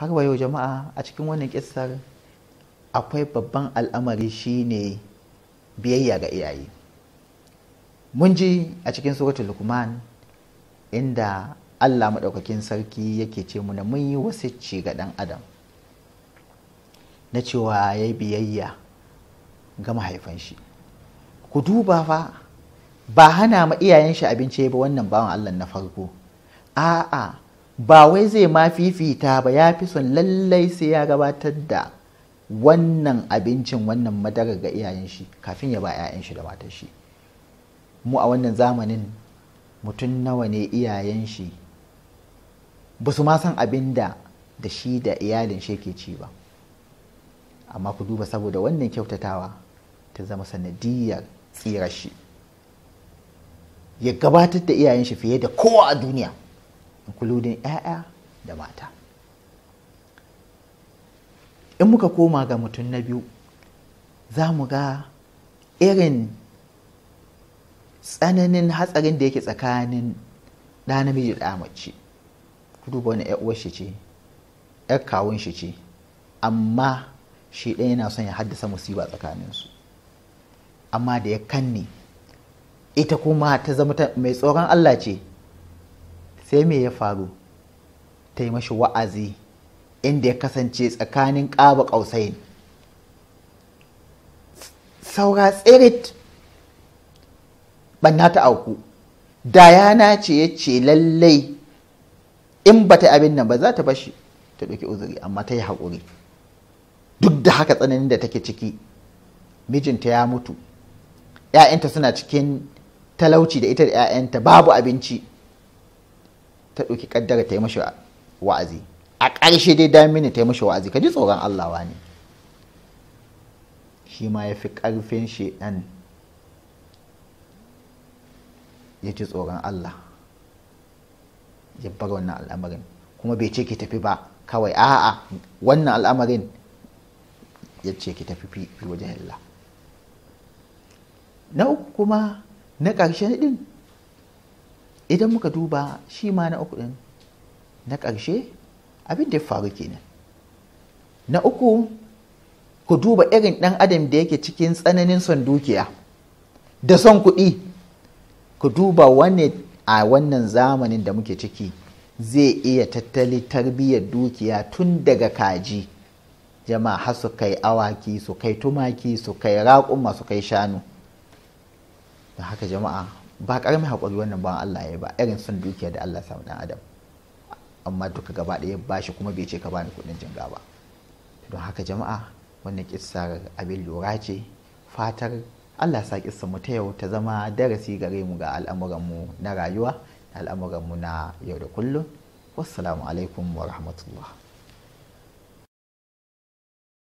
har wa yau jama'a a cikin wannan kissar akwai babban al'amari shine biyayya ga iyaye mun ji a cikin suratul lukman inda allah maɗaukakin sarki yake ce mu na mun yi wasicci ga ɗan adam na cewa ya yi biyayya ga mahaifan shi ku duba fa ba hana ma iyayen shi abinci ba wannan bawan allah na farko a'a ba wai zai ma fifita ba ya fi son lallai sai ya gabatar da wannan abincin wannan madara ga iyayen shi kafin ya ba 'ya'yan shi da matar shi mu a wannan zamanin mutum nawa ne iyayen shi ba su ma san abin da da shi da iyalin shi ke ci ba amma ku duba saboda wannan kyautatawa ta zama sanadiyar tsirar shi ya gabatar da iyayen shi fiye da kowa a duniya including 'ya'ya da mata in muka koma ga mutum na biyu za mu ga irin tsananin hatsarin da yake tsakanin da namiji da mace ku duba wani uwar shi ce ‘yar kawun shi ce amma shi ɗaya yana son ya haddasa musiba tsakaninsu amma da ya kanne ita kuma ta zama mai tsoron Allah ce sai me ya faru ta yi mashi wa'azi inda ya kasance tsakanin ƙaba ƙausayin saura tsirit banna ta auku dayana ce ya ce lallai in ba ta abin nan ba za ta bashi ta ɗauki uzuri amma ta yi haƙuri duk da haka tsananin da take ciki mijinta ya mutu ‘ya'yanta suna cikin talauci da ita da ‘ya'yanta babu abinci ta ɗauki kaddara ta yi mashi wa'azi a ƙarshe dai ne ta yi mashi wa'azi ka ji tsoron Allah wani shi ma ya fi ƙarfin ɗan ya ji tsoron Allah ya bar wannan al'amarin kuma bai ce ki tafi ba kawai a'a wannan al'amarin ya ce ki tafi fi wajen Allah na kuma na ƙarshe ɗin. idan muka duba shi ma na uku din, na ƙarshe abin da ya faru kenan na uku ku duba irin ɗan adam da yake cikin tsananin son dukiya da son kuɗi ku duba wani a wannan zamanin da muke ciki zai iya tattali tarbiyyar dukiya tun daga kaji jama'a har su kai awaki su kai tumaki su kai raƙuma su kai shanu da haka jama'a ba karamin haƙuri wannan ban Allah ya ba irin son dukiya da Allah samu dan adam amma duka gaba ɗaya ba shi kuma bai ce ka bani kuɗin jinga ba don haka jama'a wannan kissar abin lura ce fatar Allah sa kissa mu ta yau ta zama darasi gare mu ga al'amuran mu na rayuwa al'amuran mu na yau da kullum wassalamu alaikum wa rahmatullah